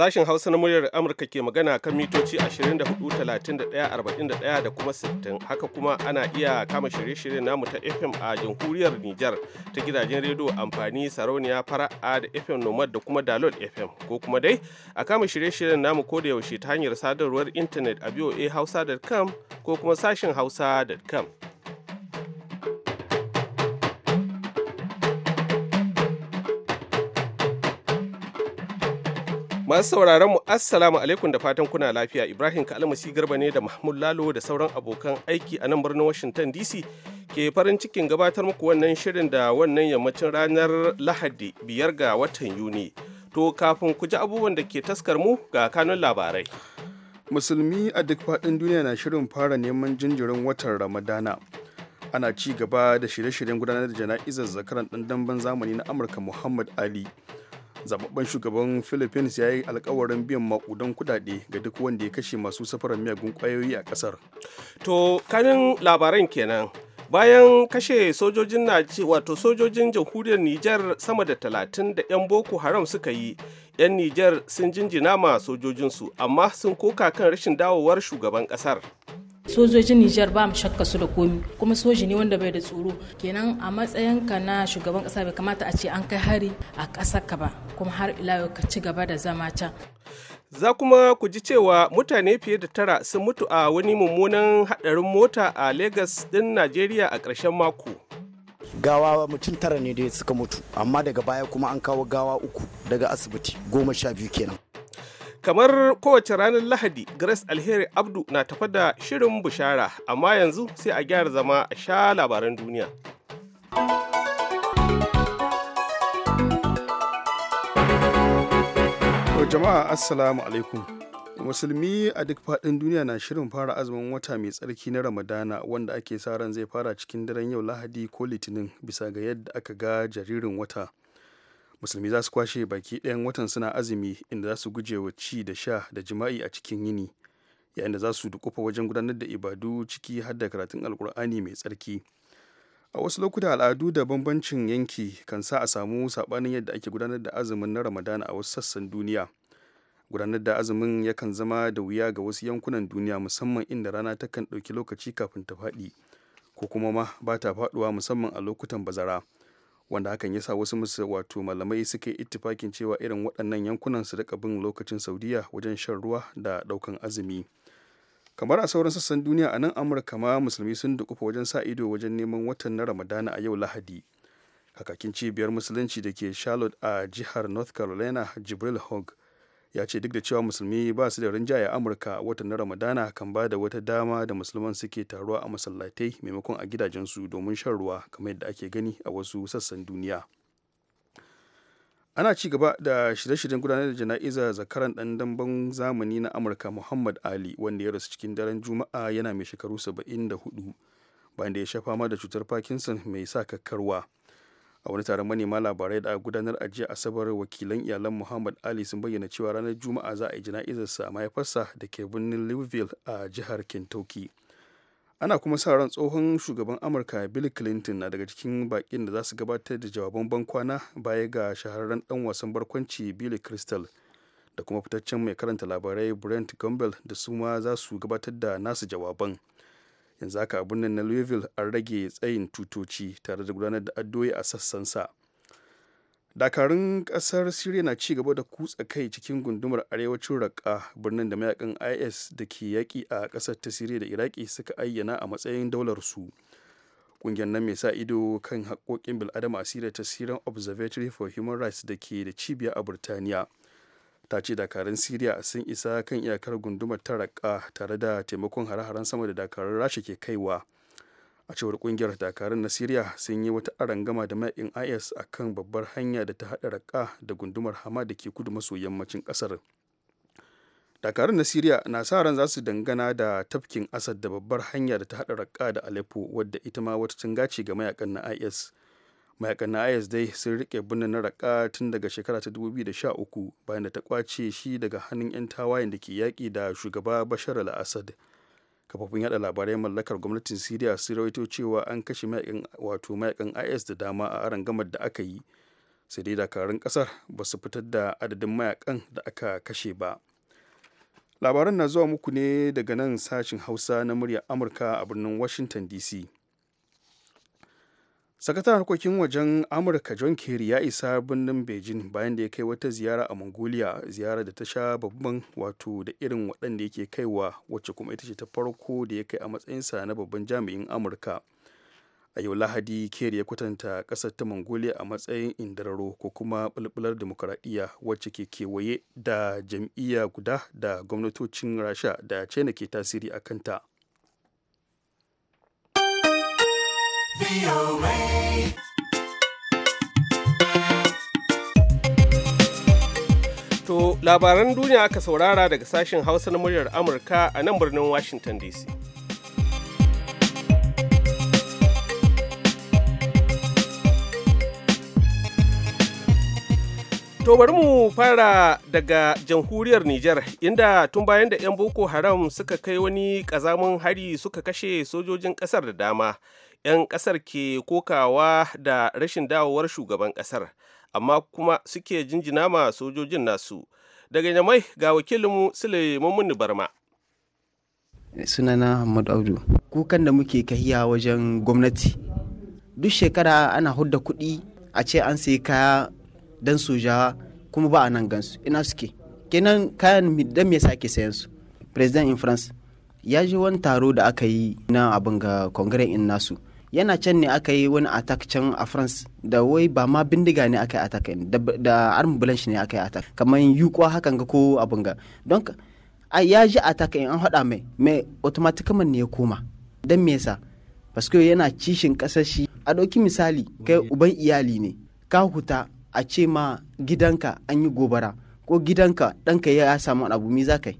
Sashen Hausa na muryar Amurka ke magana kan mitoci 24,31,41 da kuma 60. Haka kuma ana iya kama shirye-shiryen namu ta FM a jamhuriyar Nijar ta gidajen rediyo amfani sarauniya fara'a da FM Nomad da kuma Dalol FM. Ko kuma dai a kama shirye-shiryen namu ko da yaushe ta hanyar sadarwar intanet a hausa.com ko kuma sashen hausa.com. Masu sauraron mu assalamu alaikum da fatan kuna lafiya Ibrahim Kalmasi Garba ne da Mahmud Lalo da sauran abokan aiki a nan birnin Washington DC ke farin cikin gabatar muku wannan shirin da wannan yammacin ranar Lahadi biyar ga watan Yuni. To kafin ku ji abubuwan da ke taskar mu ga kanun labarai. Musulmi a duk faɗin duniya na shirin fara neman jinjirin watan Ramadana. Ana ci gaba da shirye-shiryen gudanar da jana'izar zakaran ɗan damben zamani na Amurka Muhammad Ali. zababben shugaban philippines ya yi alkawarin biyan makudan kudade ga duk wanda ya kashe masu safarar miyagun kwayoyi a kasar to kanin labaran kenan bayan kashe sojojin na wato sojojin jamhuriyar niger sama da talatin da 'yan boko haram suka yi 'yan niger sun jinjina ma sojojinsu amma sun koka kan rashin dawowar shugaban kasar sojojin Nijar ba mu shakka su da komi kuma soji ne wanda bai da tsoro kenan a matsayin ka na shugaban kasa bai kamata a ce an kai hari a ƙasar ka ba kuma har ila ka ci gaba da zama can za kuma ku ji cewa mutane fiye da tara sun mutu a wani mummunan hadarin mota a Lagos din Najeriya a ƙarshen mako gawa mutum tara ne da suka mutu amma daga baya kuma an kawo gawa uku daga asibiti goma sha biyu kenan Kamar kowace ranar Lahadi, Grace Alheri Abdu na tafa da shirin bushara, amma yanzu sai a gyara zama a sha labaran duniya. jama'a assalamu alaikum musulmi a duk faɗin duniya na shirin fara azumin wata mai tsarki na ramadana wanda ake sa ran zai fara cikin daren yau lahadi ko litinin bisa ga yadda aka ga jaririn wata musulmi za su kwashe baki ɗayan watan suna azumi inda za su guje wa ci da sha da jima'i a cikin yini yayin da za su dukufa wajen gudanar da ibadu ciki har da karatun alkur'ani mai tsarki a wasu lokuta al'adu da bambancin yanki kan sa a samu saɓanin yadda ake gudanar da azumin na ramadana a wasu sassan duniya gudanar da azumin yakan zama da wuya ga wasu yankunan duniya musamman inda rana takan ɗauki lokaci kafin ta faɗi ko kuma ma ba ta faɗuwa musamman a lokutan bazara wanda hakan ya sa wasu musu wato malamai suke ittifakin cewa irin waɗannan yankunan su rika bin lokacin saudiya wajen shan ruwa da ɗaukan azumi kamar a sauran sassan duniya a nan amurka ma musulmi sun dukufa wajen sa ido wajen neman watan na ramadana a yau lahadi kakakin cibiyar musulunci da ke charlotte a jihar north carolina jibril hogg ya ce duk da cewa musulmi ba su da rinjaye a amurka watan na ramadana kan ba da wata dama da musulman suke taruwa a masallatai maimakon a gidajensu domin shan ruwa kamar yadda ake gani a wasu sassan duniya ana ci gaba da shirye-shiryen gudanar da jana'izar zakaran dan damben zamani na amurka muhammad ali wanda ya rasu cikin daren juma'a yana mai shekaru saba'in da hudu bayan da ya sha fama da cutar parkinson mai sa kakkarwa a wani taron manema labarai da gudanar a jiya asabar wakilan iyalan muhammad ali sun bayyana cewa ranar juma'a za a yi jana'izarsa a mahaifarsa da ke birnin louisville a jihar kentucky ana kuma sa ran tsohon shugaban amurka bill clinton na daga cikin bakin da za su gabatar da jawaban bankwana baya ga shahararren dan wasan barkwanci bill crystal da kuma fitaccen mai karanta labarai brent gumbel da su ma za su gabatar da nasu jawaban yanzu haka abun nan na louisville an rage tsayin tutoci tare da gudanar da addoyi a sassan sa dakarun kasar syria na ci gaba da kutsa kai cikin gundumar arewacin raqqa birnin da mayakan is da ke yaƙi a ƙasar ta syria da iraki suka ayyana a matsayin daular su ƙungiyar nan mai sa ido kan haƙoƙin bil'adama a syria ta syrian observatory for human rights da ke da cibiya a burtaniya ta ce dakarun siriya sun isa kan iyakar gundumar taraka tare da taimakon hare-haren sama da dakarun rasha ke kaiwa a cewar kungiyar dakarun na siriya sun yi wata arangama da ma'in is a kan babbar hanya da ta haɗa raka da gundumar hama da ke kudu maso yammacin ƙasar dakarun na siriya na sa ran za su dangana da tafkin asad da babbar hanya da ta haɗa raka da aleppo wadda ita ma wata tunga ce ga mayakan na is mayakan na is dai sun rike birnin na raka tun daga shekara ta 2013 bayan da ta kwace shi daga hannun 'yan tawayen da ke yaƙi da shugaba bashar al-assad kafofin yada labarai mallakar gwamnatin syria sun rawaito cewa an kashe mayakan wato mayakan is da dama a rangamar da aka yi sai dai dakarun kasar ba su fitar da adadin mayakan da aka kashe ba labaran na zuwa muku ne daga nan sashin hausa na murya amurka a birnin washington dc sakataren harkokin wajen amurka john kerry ya isa birnin beijing bayan da ya kai wata ziyara a mongolia ziyara da ta sha babban wato da irin waɗanda yake kaiwa wacce kuma ita ce ta farko da ya kai a matsayinsa na babban jami'in amurka a yau lahadi kerry ya kwatanta ƙasar ta mongolia a matsayin indararo ko kuma bulbular demokuraɗiyya wacce ke kewaye da jam'iyya guda da gwamnatocin rasha da china ke tasiri a kanta To labaran duniya aka saurara daga sashen Hausa na muryar Amurka a nan birnin Washington DC. To bari mu fara daga jamhuriyar Nijar inda tun bayan da 'yan Boko Haram suka kai wani ƙazamin hari suka kashe sojojin ƙasar da dama. 'yan kasar ke kokawa da rashin dawowar shugaban kasar amma kuma suke jinjina ma sojojin nasu daga nyamai ga wakilinmu suleiman barma sunana Ahmad Audu kukan da muke kahiya wajen gwamnati duk shekara ana hudda kuɗi a ce an sayi kaya don soja kuma ba a nan gansu ina suke kenan kayan dan me yasa sayan su president in France ya ji wani taro da aka yi na abin ga kongren in nasu yana can ne aka yi wani attack can a france da wai ba ma bindiga ne aka yi attack da armed blanche ne aka yi attack kamar yukwa hakan ga ko abin ga don ya ji attack an haɗa mai mai automatiquement ne ya koma dan me yasa que yana cishin kasar shi a dauki misali kai uban iyali ne ka huta a ce ma gidanka an yi gobara ko gidanka danka ya samu abu me za ka yi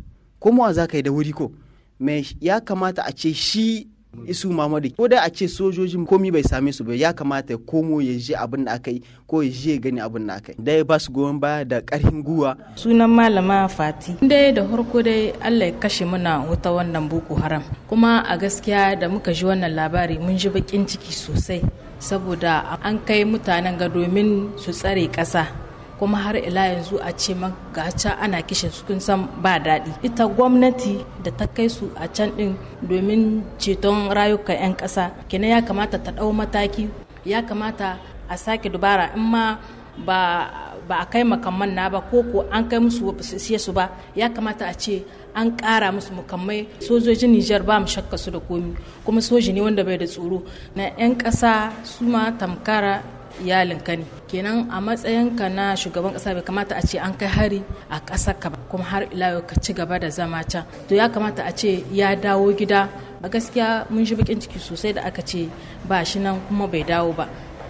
za ka da wuri ko me ya kamata a ce shi isu mamadu ko da a ce sojojin komi bai same su ba ya kamata ya komo ya je abin da aka yi ko ya je gani abin da aka yi dai ba su goyon baya da karhin guwa sunan malama fati dai da farko dai allah ya kashe muna wuta wannan boko haram kuma a gaskiya da muka ji wannan labari mun ji bakin ciki sosai saboda an kai mutanen ga domin su tsare ƙasa kuma har ila yanzu a ce ga can ana kishe su kun san ba daɗi ita gwamnati da ta kai su a can ɗin domin ceton rayuka 'yan ƙasa kenan ya kamata ta ɗau mataki ya kamata a sake dubara in ma ba a kai makamman na ba ko ko an kai musu wasu su ba ya kamata a ce an ƙara musu mukammai sojojin Nijar ba mu shakka su da komi kuma soji ne wanda bai da tsoro na 'yan ƙasa su ma tamkara ka ne kenan a matsayinka na shugaban kasa bai kamata a ce an kai hari a ƙasar ka kuma har ila ka ci gaba da zama can to ya kamata a ce ya dawo gida a gaskiya mun ji bakin ciki sosai da aka ce ba shi nan kuma bai dawo ba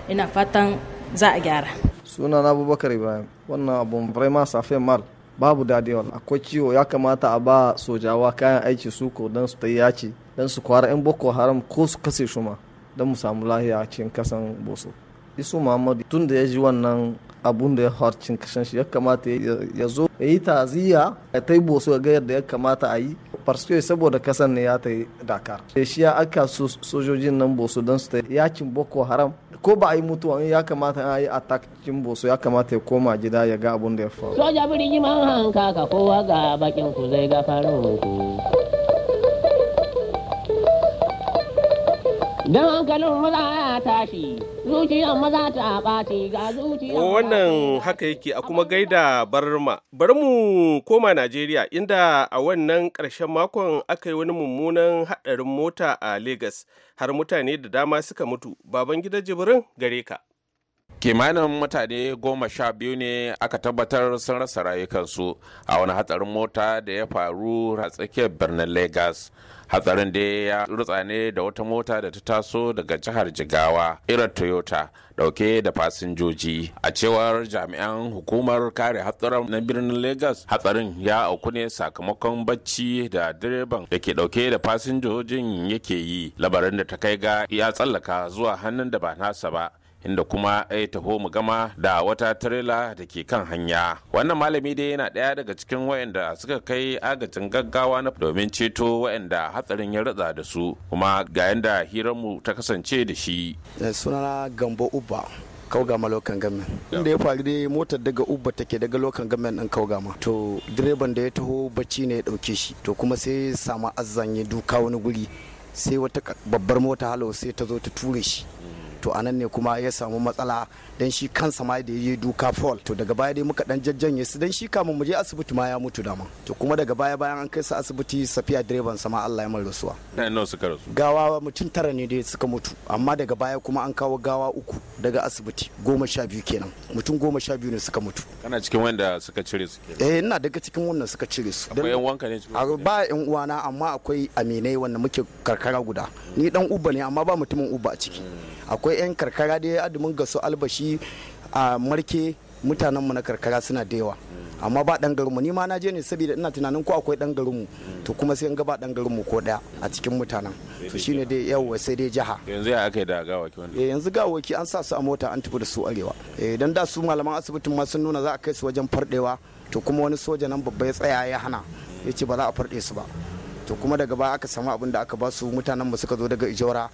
ina fatan za a gyara suna na abubakar ibrahim wannan abun vraiment safe mal babu dadi wala akwai ciwo ya kamata a ba sojawa kayan aiki su ko dan su ta yaci dan su kwara 'yan boko haram ko su kase shuma dan mu samu lahiya a cikin kasan boso isu muhammadu tun da ya ji wannan abun da ya harcin kashin shi ya kamata ya zo ya yi taziya ya ta yi boso ga yadda ya kamata a yi farske saboda kasan ne ya ta yi dakar da shi ya aka sojojin nan boso don su ta yakin boko haram ko ba a yi mutuwa ya kamata a yi atakin boso ya kamata ya koma gida ya ga abun da ya faru soja birni ka kowa ga bakin ku zai ga farin ku ganin maza ya tashi, zuciyar maza ta ɓaci ga zuciyar oh, Wannan haka yake a kuma gaida barma. Bari mu koma Najeriya inda a wannan ƙarshen makon aka yi wani mummunan haɗarin mota a Legas har mutane da dama suka mutu. Baban gida jibirin gare ka. kimanin mutane goma sha biyu ne aka tabbatar sun rasa rayukansu a wani hatsarin mota da ya faru a tsakiyar birnin Legas. hatsarin da ya rutsa ne da wata mota da ta taso daga jihar jigawa irin toyota dauke da fasinjoji a cewar jami'an hukumar kare hatsarin na birnin Legas hatsarin ya auku ne sakamakon bacci da direban da ke dauke da fasinjojin yake yi labarin da ta kai ga ya tsallaka zuwa hannun da ba nasa ba inda kuma ya taho mu gama da wata tirela da ke kan hanya wannan malami dai yana daya daga cikin wayanda suka kai agajin gaggawa na domin ceto wayanda hatsarin ya ratsa da su kuma ga yanda ta kasance da shi eh, sunana gambo uba kaugama lokan gamen inda ya faru dai motar daga uba take daga lokan gamen din kaugama to direban da ya taho bacci ne ya dauke shi to kuma sai samu azzan ya duka wani guri sai wata babbar mota halo sai ta zo ta ture shi to anan ne kuma ya samu matsala dan shi kansa ma da yi duka fall to daga baya dai muka dan jajjanye su dan shi kamun mu je asibiti ma ya mutu dama to kuma daga baya bayan an kai su asibiti safiya direban sama Allah ya mai rasuwa dan nawa suka rasu gawa mutum tara ne dai suka mutu amma daga baya kuma an kawo gawa uku daga asibiti goma sha biyu kenan mutum goma sha biyu ne suka mutu kana cikin wanda suka cire su eh ina daga cikin wannan suka cire su akwai yan wanka ne ba yan uwana amma akwai aminai wanda muke karkara guda ni dan uba ne amma ba mutumin uba a ciki hmm. akwai akwai 'yan karkara da ya adumin gaso albashi a marke mutanenmu na karkara suna da yawa amma ba dan garinmu ni ma na je ne saboda ina tunanin ko akwai dan garinmu to kuma sai ga ba dan garinmu ko daya a cikin mutanen to shine dai yawa sai dai jaha yanzu ya aka yi da gawaki wanda eh, yanzu gawaki an sa su a mota an tafi da su arewa eh dan da su malaman asibitin ma sun nuna za a kai su wajen fardewa to kuma wani soja nan babba ya tsaya ya hana ya ce ba za a farde su ba to kuma daga baya aka samu abin da aka ba su mutanen mu suka zo daga ijora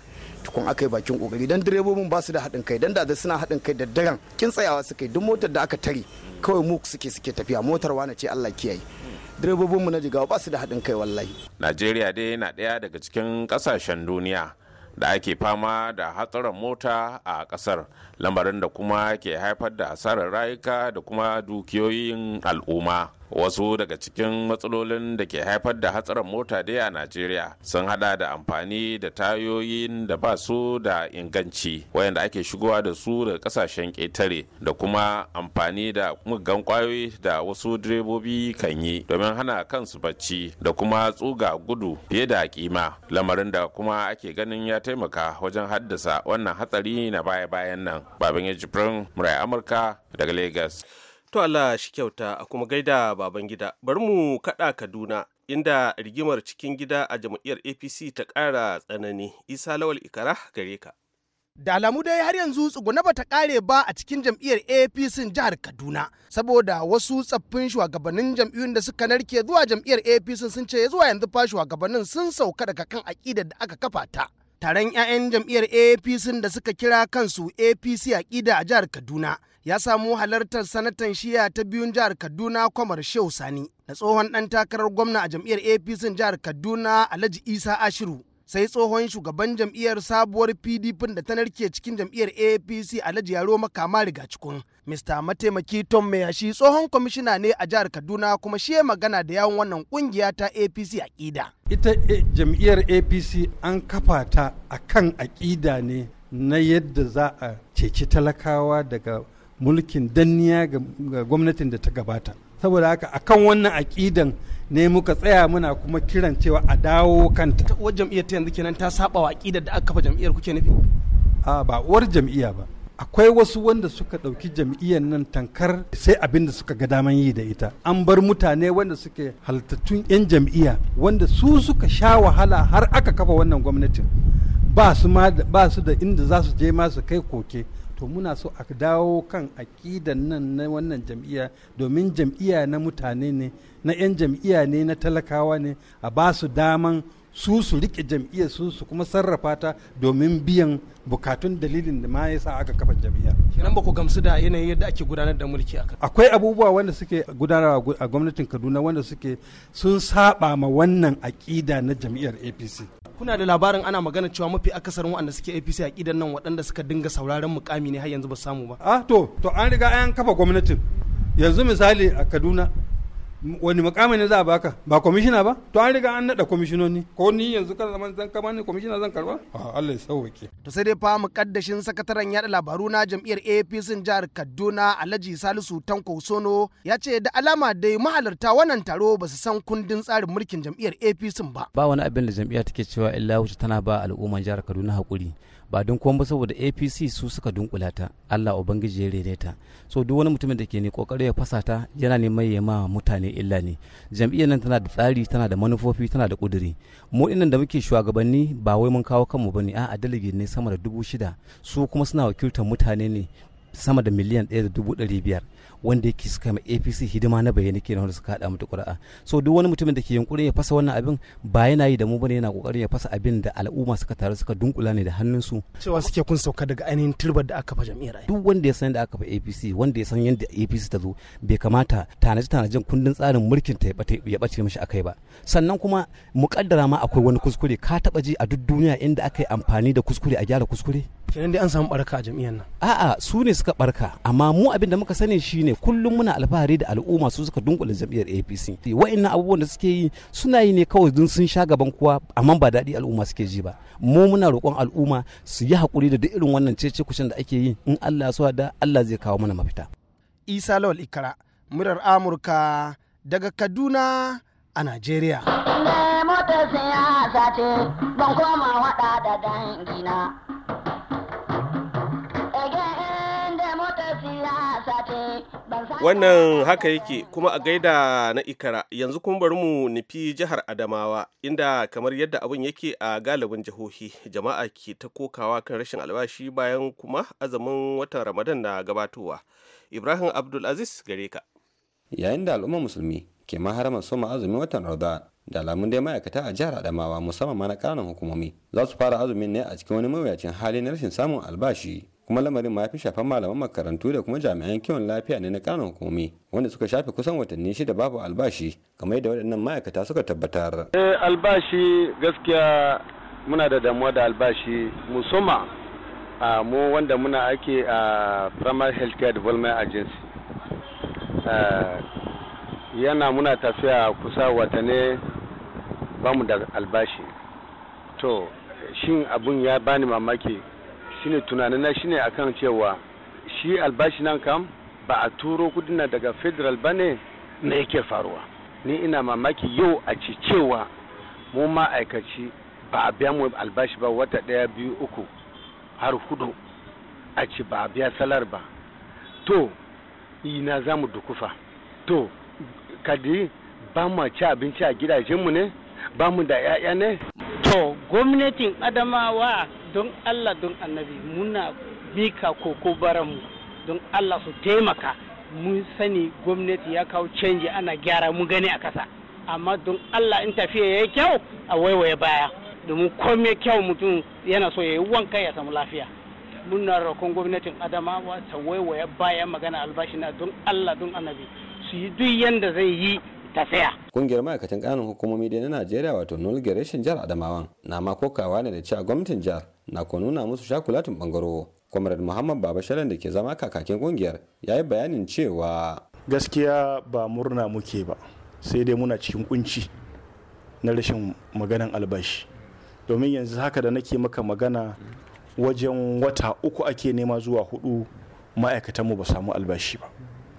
tukun aka yi bakin kokari dan direbobin ba su da haɗin kai dan da suna haɗin kai da daren kin tsayawa suke duk motar da aka tare kawai mu suke suke tafiya motar wane ce Allah kiyaye direbobinmu na jigawa ba su da haɗin kai wallahi Najeriya dai na daya daga cikin ƙasashen duniya da ake fama da hatsarin mota a kasar lambarin da kuma ke haifar da asarar rayuka da kuma dukiyoyin al'umma wasu daga cikin matsalolin da ke haifar da hatsarin mota dai a najeriya sun hada da amfani da tayoyin da ba su da inganci wayanda ake shigowa da su daga kasashen ƙetare da kuma amfani da muggan kwayoyi da wasu direbobi kan yi domin hana kansu bacci da kuma tsuga gudu fiye da kima lamarin da kuma ake ganin ya taimaka wajen haddasa wannan hatsari na baya-bayan nan baban mura amurka daga lagos To Allah shi kyauta a kuma gaida baban gida. Bari mu kaɗa Kaduna inda rigimar cikin gida a jam'iyyar APC ta ƙara tsanani. Isa Lawal Ikara gare ka. da alamu dai har yanzu tsuguna bata ƙare ba a cikin jam'iyyar apc jihar kaduna saboda wasu tsaffin shugabannin jam'iyyun da suka narke zuwa jam'iyyar apc sun ce zuwa yanzu fa shugabannin sun sauka daga kan aƙidar da aka kafa ta taron 'ya'yan jam'iyyar apc da suka kira kansu apc aƙida a jihar kaduna ya samu halartar sanatan shiya ta biyun jihar kaduna kwamar shehu sani da tsohon ɗan takarar gwamna a jam'iyyar apc jihar kaduna alhaji isa ashiru sai tsohon shugaban jam'iyyar sabuwar pdp da ta narke cikin jam'iyyar apc alhaji yaro makama riga cikun mr mataimaki tom mayashi tsohon kwamishina ne a jihar kaduna kuma shi magana da yawon wannan kungiya ta apc aƙida ita eh, jam'iyyar apc an kafa ta akan aƙida ne na yadda za a ceci talakawa daga mulkin danniya ga gwamnatin da ta gabata saboda haka akan wannan aƙidan ne muka tsaya muna kuma kiran cewa a dawo kanta uwar jam'iyyar ta yanzu kenan ta saba wa aƙidar da aka kafa jam'iyyar kuke nufi a ba uwar jam'iyya ba akwai wasu wanda suka ɗauki jam'iyyar nan tankar sai abin da suka ga daman yi da ita an bar mutane wanda suke halittattun 'yan jam'iyya wanda su suka sha wahala har aka kafa wannan gwamnatin ba su da inda za su je masu kai koke to muna so a dawo kan aƙidan nan na wannan jam'iyya domin jam'iyya na mutane ne na 'yan jam'iyya ne na talakawa ne a ba su daman su su riƙe jam'iyyar su su kuma sarrafa ta domin biyan bukatun dalilin da ma ya sa aka kafa jam'iyya. Kenan ba ku gamsu da yanayin yadda ake gudanar da mulki akan. Akwai abubuwa wanda suke gudanarwa a gwamnatin Kaduna wanda suke sun saba ma wannan aƙida na jam'iyyar APC. kuna da labarin ana magana cewa mafi akasarin waɗanda suke APC a kidan nan waɗanda suka dinga sauraron mukami ne har yanzu ba samu ba ah to to an riga an kafa gwamnatin yanzu misali a Kaduna wani makami ne za a baka ba kwamishina ba to an riga an nada kwamishinoni ko ni yanzu kan zaman zan kama ni kwamishina zan karba ah, Allah ya sauke to sai dai fa kaddashin sakataren yada labaru na jam'iyyar APC jihar Kaduna Alhaji Salisu Tanko Sono ya ce da alama dai mahalarta wannan taro ba su san kundin tsarin mulkin jam'iyyar APC ba ba wani abin da jam'iyyar take cewa illa wuce tana ba al'umman jihar Kaduna hakuri ba don kuma saboda apc su suka dunkula ta allah ubangiji ya rere ta so duk wani mutumin da ke ne kokari ya fasa ta yana ne ya ma mutane illa ne jam'iyyar nan tana da tsari tana da manufofi tana da kuduri mu dinnan da muke shugabanni ba wai mun kawo kanmu bane a'a dalibi ne sama da dubu shida su kuma suna wakiltar mutane ne sama da miliyan ɗaya da dubu ɗari biyar wanda yake suka mai apc hidima na bayyana kenan wanda suka haɗa mutu ƙuri'a so duk wani mutumin da ke yunkurin ya fasa wannan abin ba yana yi da mu bane yana ƙoƙarin ya fasa abin da al'umma suka taru suka dunkula ne da hannunsu cewa suke kun sauka daga ainihin turbar da aka fa jam'iyyar duk wanda ya san da aka fa apc wanda ya san yadda apc ta zo bai kamata tanaji tanajin kundin tsarin mulkin ta ya ɓace mishi akai ba sannan kuma muƙaddara ma akwai wani kuskure ka taɓa ji a duk duniya inda aka yi amfani da kuskure a gyara kuskure kenan dai an samu baraka a jam'iyyar nan a'a su ne suka barka amma mu abin da muka sani shine kullum muna alfahari da al'umma su suka dunkule jam'iyyar APC wa'annan abubuwan da suke yi suna yi ne kawai dun sun sha gaban kowa amma ba daɗi al'umma suke ji ba mu muna roƙon al'umma su yi hakuri da duk irin wannan cece kushin da ake yi in Allah so da Allah zai kawo mana mafita Isa Lawal Ikara murar Amurka daga Kaduna a Najeriya. Ne motar siyasa ce, ban koma waɗa da dangina. Wannan haka yake kuma a gaida na Ikara yanzu kuma bari mu nufi jihar Adamawa inda kamar yadda abin yake a galibin jihohi jama'a ke ta kokawa kan rashin albashi bayan kuma azumin watan Ramadan na gabatowa. Ibrahim Abdulaziz gare ka. Yayin da al'ummar musulmi ke maharamar soma azumin watan Ramadan da alamun dai ma'aikata a jihar Adamawa musamman ma na ƙananan hukumomi za su fara azumin ne a cikin wani mawuyacin hali na rashin samun albashi kuma lamarin ma fi shafan malaman makarantu da kuma jami'an kiwon lafiya ne na ƙananan hukumomi wanda suka shafe kusan watanni shida babu albashi kamar yadda waɗannan ma'aikata suka tabbatar. eh albashi gaskiya muna da damuwa da albashi musamman a mu wanda muna ake a primary healthcare development agency yana muna tafiya kusa watanni bamu da albashi to shin abun ya bani mamaki shine tunanin na shine akan cewa shi albashi nan kam ba a turo kudina daga federal bane. na yake faruwa ni ina mamaki yau a ci cewa mu ma'aikaci ba a biya mu albashi ba wata ɗaya biyu uku har hudu a ci ba a biya salar ba to ina za mu dukufa to kadi ba mu ci abinci a gidajenmu ne ba mu da 'ya'ya ne to gwamnatin adamawa don allah don annabi muna mika koko baranmu don allah su taimaka mun sani gwamnati ya kawo canji ana gyara mu gani a kasa amma don allah in tafiya ya yi kyau a waiwaye baya domin kome kyau mutum yana so ya yi wanka ya samu lafiya muna roƙon gwamnatin adamawa ta waiwaye baya magana albashi na don allah don annabi su yi duk yanda zai yi ta tsaya. Kungiyar ma'aikatan kanun hukumomi dai na Najeriya wato Nol Gereshin Jihar Adamawan na ma kokawa ne da cewa gwamnatin jihar na ko nuna musu shakulatin bangaro. Comrade Muhammad Baba Shalan da ke zama kakakin kungiyar ya yi bayanin cewa. Gaskiya ba murna muke ba sai dai muna cikin kunci na rashin maganan albashi. Domin yanzu haka da nake maka magana wajen wata uku ake nema zuwa hudu ma'aikatanmu ba samu albashi ba.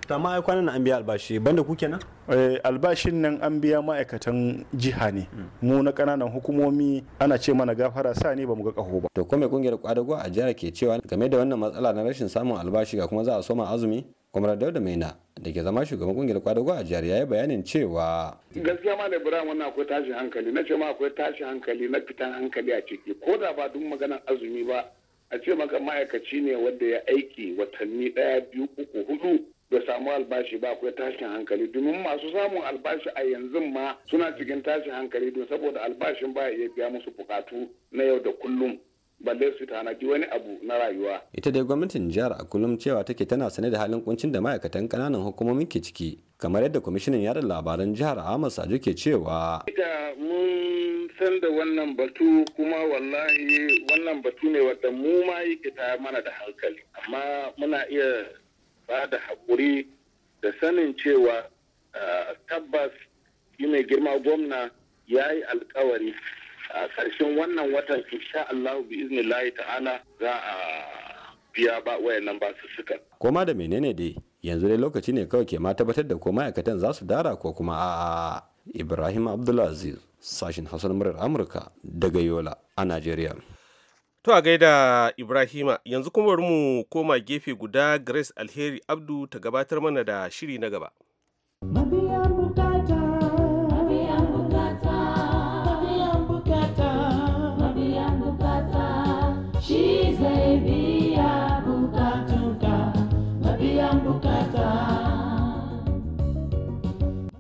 to amma ai kwanan an biya albashi banda ku kenan eh, albashin nan an biya ma'aikatan jiha ne mu na kananan hukumomi ana ce mana gafara sa ne bamu ga kaho ba to kome kungiyar kwadago a jihar ke cewa game da wannan matsala na rashin samun albashi ga kuma za a soma azumi kuma dauda maina da ke zama shugaban kungiyar kwadago a jihar yayi bayanin cewa gaskiya ma da ibrahim wannan akwai tashin hankali na ce ma akwai tashin hankali na fitan hankali a ciki ko da ba duk maganar azumi ba a ce maka ma'aikaci ne wanda ya aiki watanni daya biyu uku hudu bai samu albashi ba akwai tashin hankali domin masu samun albashi a yanzu ma suna cikin tashin hankali don saboda albashin ba iya biya musu bukatu na yau da kullum balle su tanaji wani abu na rayuwa. Ita dai gwamnatin jihar a kullum cewa take tana sane da halin kuncin da ma'aikatan kananan hukumomin ke ciki kamar yadda kwamishinan yada labaran jihar Ahmad Sajo ke cewa. Ita mun san da wannan batu kuma wallahi wannan batu ne wadda mu ma yake ta mana da hankali amma muna iya ba da haƙuri da sanin cewa tabbas shi mai girma gwamna ya yi alkawari a ƙarshen wannan watan insha Allah bi iznillahi ta'ala za a biya ba wayannan ba su suka. Koma da menene dai yanzu dai lokaci ne kawai ke ma tabbatar da ko ma'aikatan za su dara ko kuma a Ibrahim Abdulaziz sashin Hassan murar Amurka daga Yola a Najeriya. To a gaida Ibrahima yanzu kuma bari mu koma gefe guda Grace Alheri Abdu ta gabatar mana da shiri na gaba.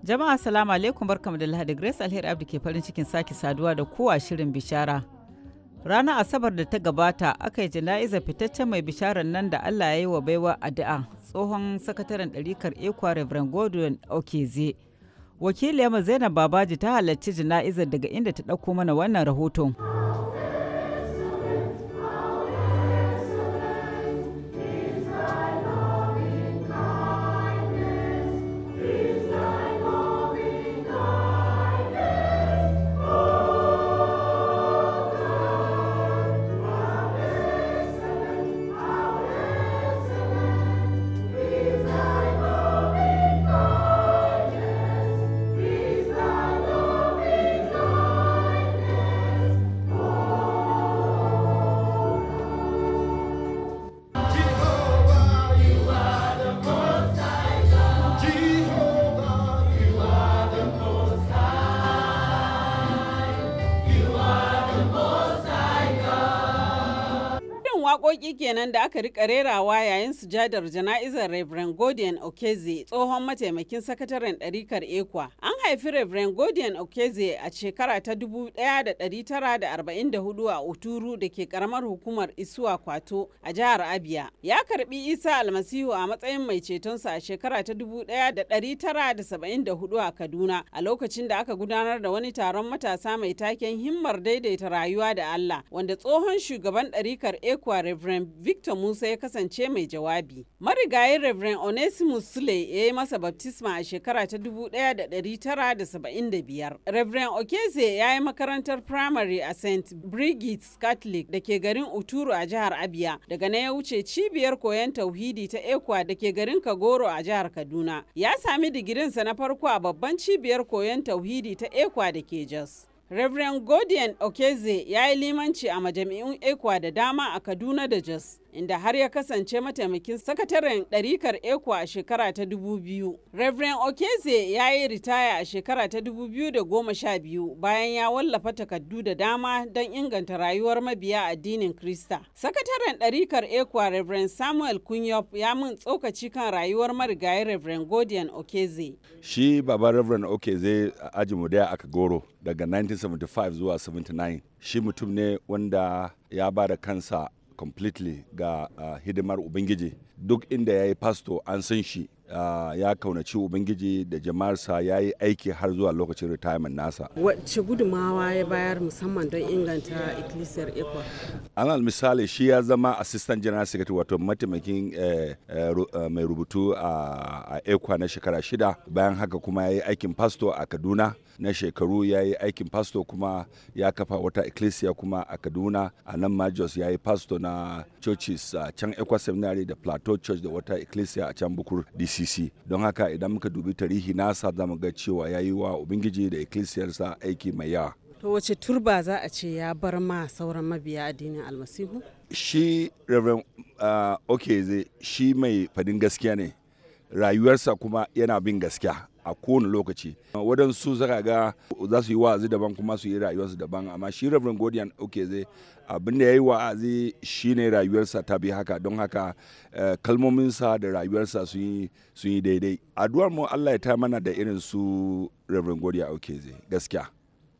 Jama'a salamu alaikum barkamu da Lahadi Grace Alheri Abdu ke farin cikin sake saduwa da kowa shirin bishara. Ranar Asabar da ta gabata aka yi jana'izar fitaccen mai bisharar nan da Allah ya yi wa baiwa addu'a tsohon sakataren ɗarikar Ekwa Reverend Gordon Okeze. Wakiliyar Zainab Babaji ta halarci jana'izar daga inda ta ɗauko mana wannan rahoton. waƙoƙi kenan da aka riƙa rerawa yayin sujadar jana'izar Reverend Godian Okeze tsohon mataimakin sakataren ɗarikar Ekwa. haifi Reverend Godian Okeze a shekara ta 1944 a Oturu da ke karamar hukumar Isuwa Kwato a jihar Abia. Ya karbi Isa Almasihu a matsayin mai cetonsa a shekara ta 1974 a Kaduna a lokacin da aka gudanar da wani taron matasa mai taken himmar daidaita rayuwa da Allah wanda tsohon shugaban ɗarikar Ekwa Reverend Victor Musa ya kasance mai jawabi. Marigayi Reverend Onesimus Sule ya yi masa baptisma a shekara ta 1900 1975. Reverend Okeze ya yi makarantar firamare a St. Brigid's Catholic da ke garin Uturu a jihar Abia. Daga na ya wuce cibiyar koyon tauhidi ta Ekwa da ke garin Kagoro a jihar Kaduna. Ya sami digirinsa na farko a babban cibiyar koyon tauhidi ta Ekwa da ke Jos. Reverend Godian Okeze ya yi limanci a majami'un Ekwa da dama a Kaduna da Jos. inda har ya kasance mataimakin sakataren ɗarikar eko a shekara ta 2000 reverend okeze ya yi ritaya a shekara ta 2012 bayan ya wallafa takardu da dama don inganta rayuwar mabiya addinin krista sakataren ɗarikar eko reverend samuel kunyop ya mun tsokaci kan rayuwar marigayi reverend godian okeze shi baba reverend okeze ajinmu daya aka goro daga 1975 zuwa 79 shi mutum ne wanda ya ba da kansa completely ga ah, hidimar ubangiji duk inda ya yi pasto an san shi Ah, ya kaunaci ubangiji da jama'arsa ya yi aiki har zuwa lokacin retirement nasa wacce gudumawa ya bayar musamman don inganta ikkilisiyar ekwa An misali shi ya zama assistant general secretary wato mataimakin eh, eh, eh, mai rubutu a ekwa na shekara shida bayan haka kuma ya yi aikin pastor a kaduna na shekaru ya yi aikin pastor kuma ya kafa wata ecclesia kuma a kaduna a nan majos ya yi pastor na churches a can ekwa seminary da plateau church da wata ecclesia a can bukur dc ICC don haka idan muka dubi tarihi nasa za mu ga cewa ya yi wa Ubangiji da ikkilisiyarsa aiki mai yawa. To wace turba za a ce ya bar ma sauran mabiya addinin almasihu? Shi Reverend uh, Okeze shi mai fadin gaskiya ne, rayuwarsa kuma yana bin gaskiya. a kowane lokaci waɗansu zaka ga za su yi wa'azi daban kuma su yi rayuwarsu daban amma shi rabin godiyan oke zai abin da ya yi wa'azi ne rayuwarsa ta bi haka don haka eh, kalmominsa da rayuwarsa sun yi daidai addu'ar mu Allah ya ta mana da irin su rabin godiya oke zai gaskiya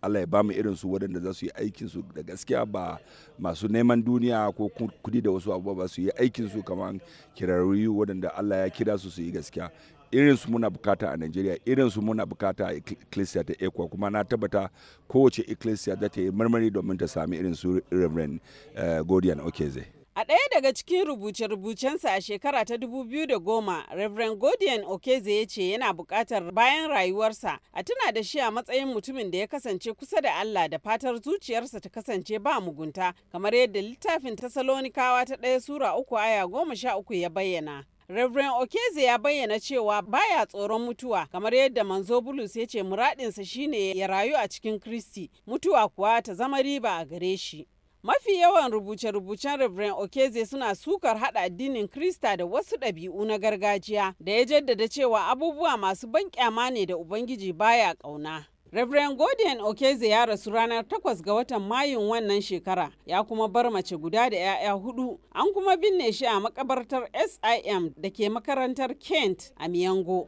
Allah ya ba mu irin su waɗanda za su yi aikin su da gaskiya ba masu neman duniya ko kudi da wasu abubuwa ba su yi aikin su kamar kirarriyu waɗanda Allah ya kira su su yi gaskiya irinsu muna bukata a nigeria irinsu muna bukata a ecclesia ta ekwa kuma na tabbata kowace ecclesia za ta yi marmari domin ta sami irin su Reverend eh, Godian Okeze. A ɗaya daga cikin rubuce-rubucensa a shekara ta 2010, Reverend Godian Okeze ya ce yana bukatar bayan rayuwarsa a tuna da shi a matsayin mutumin da ya kasance kusa da Allah da fatar zuciyarsa ta kasance ba mugunta, kamar yadda littafin Tasalonikawa ta ɗaya Sura uku aya goma sha uku ya bayyana. Reverend Okeze ya bayyana cewa baya tsoron mutuwa kamar yadda manzo Bulus ya ce muradinsa shine ya rayu a cikin Kristi mutuwa kuwa ta zama riba a gare shi. Mafi yawan rubuce-rubucen Reverend Okeze suna sukar haɗa addinin Krista da wasu ɗabi'u na gargajiya da ya jaddada cewa abubuwa masu ban kyama ne da Ubangiji baya ƙauna. Reverend Gordon Okeze ya rasu ranar 8 ga watan Mayun wannan shekara ya kuma bar mace guda da 'ya'ya hudu an kuma binne shi a makabartar SIM da ke makarantar Kent a Miyango.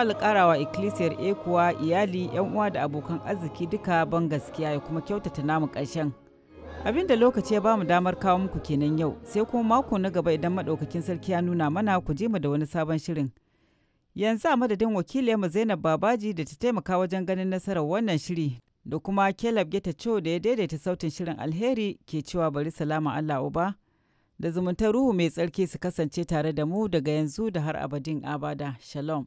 Paul karawa ikkilisiyar ekuwa iyali yan uwa da abokan arziki duka ban gaskiya ya kuma kyautata namu ƙarshen. Abin da lokaci ya bamu damar kawo muku kenan yau sai kuma mako na gaba idan madaukakin sarki ya nuna mana ku je mu da wani sabon shirin. Yanzu a madadin wakilinmu Zainab Babaji da ta taimaka wajen ganin nasarar wannan shiri da kuma kelab geta cho da ya daidaita sautin shirin alheri ke cewa bari salama Allah uba da zumuntar ruhu mai tsarki su kasance tare da mu daga yanzu da har abadin abada. Shalom.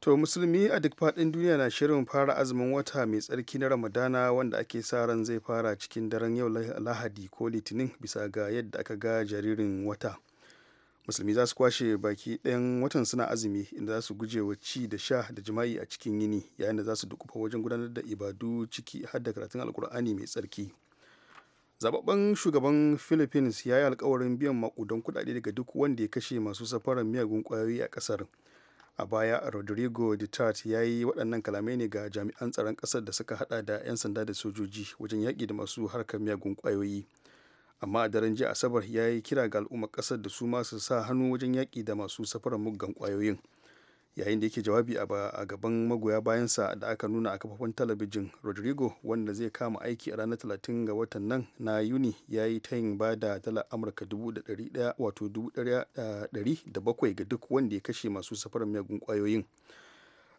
To musulmi a duk faɗin duniya na shirin fara azumin wata mai tsarki na Ramadana wanda ake sa ran zai fara cikin daren yau Lahadi ko Litinin bisa ga yadda aka ga jaririn wata. Musulmi za su kwashe baki ɗayan watan suna azumi inda za su guje wa ci da sha da jima'i a cikin yini yayin da za su dukufa wajen gudanar da ibadu ciki har da karatun alkur'ani mai tsarki. zababben shugaban philippines ya yi alkawarin biyan makudan kudade daga duk wanda ya kashe masu safarar miyagun kwayoyi a kasar a baya rodrigo duterte ya yi waɗannan kalamai ne ga jami'an tsaron ƙasar da suka hada da 'yan sanda da sojoji wajen yaƙi da masu harkar miyagun ƙwayoyi amma a daren jiya asabar ya yi kira ga al'ummar ƙasar da su masu sa hannu wajen yaƙi da masu safarar muggan ƙwayoyin yayin da yake jawabi a gaban magoya bayansa da aka nuna a kafafen talabijin rodrigo wanda zai kama aiki a ranar 30 ga watan nan na yuni ya yi tayin ba da dala amurka 1,700 wato ga duk wanda ya kashe masu safarar miyagun kwayoyin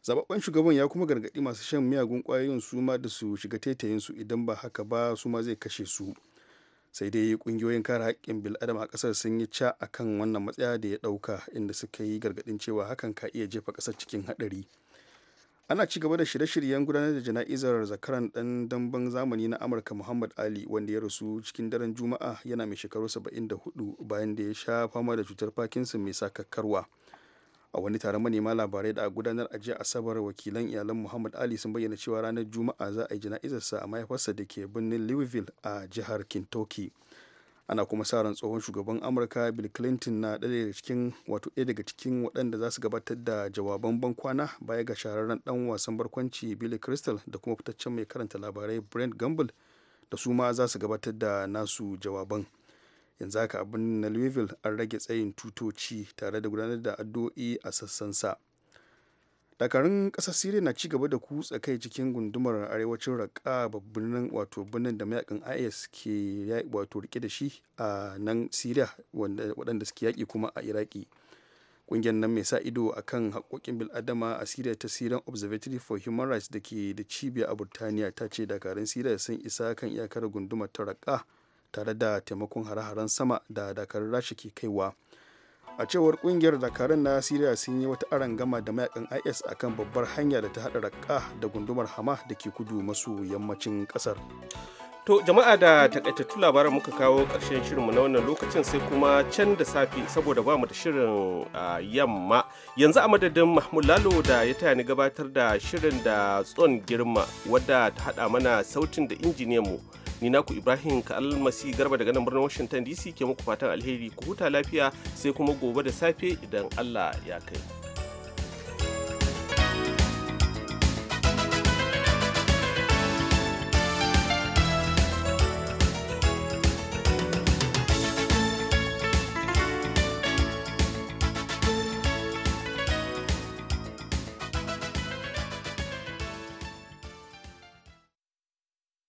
zababben shugaban ya kuma gargadi masu shan miyagun kwayoyin su ma da su shiga taitayin su idan ba haka ba su ma zai kashe su sai dai kungiyoyin kare haƙƙin biladam a ƙasar sun yi ca a kan wannan matsaya da ya ɗauka inda suka yi gargaɗin cewa hakan ka iya jefa ƙasar cikin haɗari ana ci gaba da shirye-shiryen gudanar da jana'izar zakaran ɗan damben zamani na amurka muhammad ali wanda ya rasu cikin daren juma'a yana mai shekaru 74 bayan da ya sha fama da cutar parkinson mai sakakkarwa a wani taron manema labarai da a gudanar a jiya asabar wakilan iyalan muhammad ali sun bayyana cewa ranar juma'a za a yi jana'izarsa a mahaifarsa da ke birnin louisville a jihar kentucky ana kuma sa ran tsohon shugaban amurka bill clinton na ɗaya daga cikin wato ɗaya daga cikin waɗanda za su gabatar da jawaban bankwana baya ga shahararren ɗan wasan barkwanci billy crystal da kuma fitaccen mai karanta labarai brent gamble da su ma za su gabatar da nasu jawaban yanzu haka abin na louisville an rage tsayin tutoci tare da gudanar da addu'o'i a sassan sa dakarun ƙasar syria na cigaba da kutsa kai cikin gundumar arewacin raƙa babban wato birnin da mayakan is ke wato rike da shi a nan syria waɗanda suke yaƙi kuma a iraki ƙungiyar nan mai sa ido a kan haƙoƙin bil'adama a siriya ta siran observatory for human rights da ke da cibiya a burtaniya ta ce dakarun siriya sun isa kan iyakar gundumar ta raƙa. tare da taimakon hare-haren sama da dakarun rashi ke kaiwa a cewar kungiyar dakarun na syria sun yi wata gama da mayakan is akan babbar hanya da ta haɗa raka da gundumar hama da ke kudu masu yammacin ƙasar to jama'a da takaitattu labaran muka kawo karshen shirinmu na wannan lokacin sai kuma can da safe saboda bamu da shirin yamma yanzu a madadin mahmud lalo da ya taya ni gabatar da shirin da tson girma wadda ta haɗa mana sautin da injiniyanmu mu ni naku ibrahim kalmasi garba daga nan birnin washington dc ke muku fatan alheri ku huta lafiya sai kuma gobe da safe idan allah ya kai